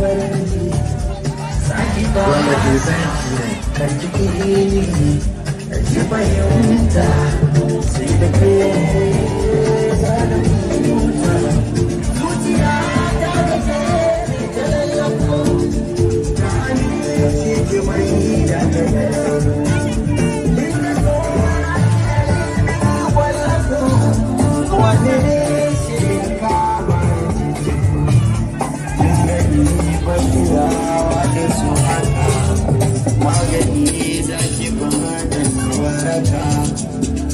farin ji saki ba wanda ke sanki kan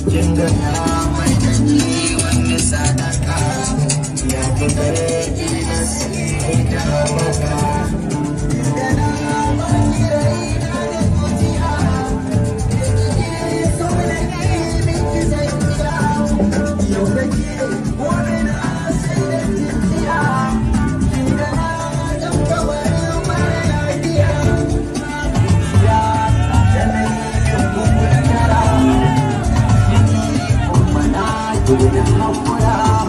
dinga ya mai da wani sadaka ya fi gare ni da maka kullum haƙura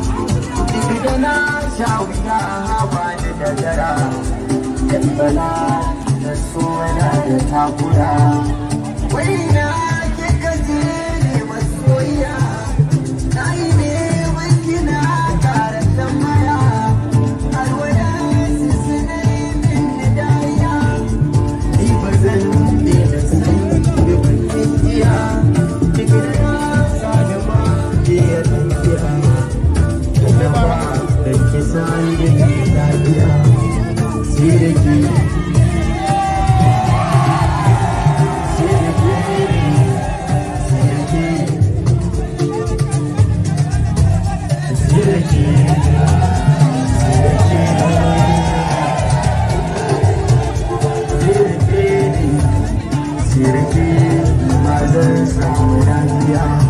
da na sha wuya ba ni da dara yan bala da da Sirikit, Mother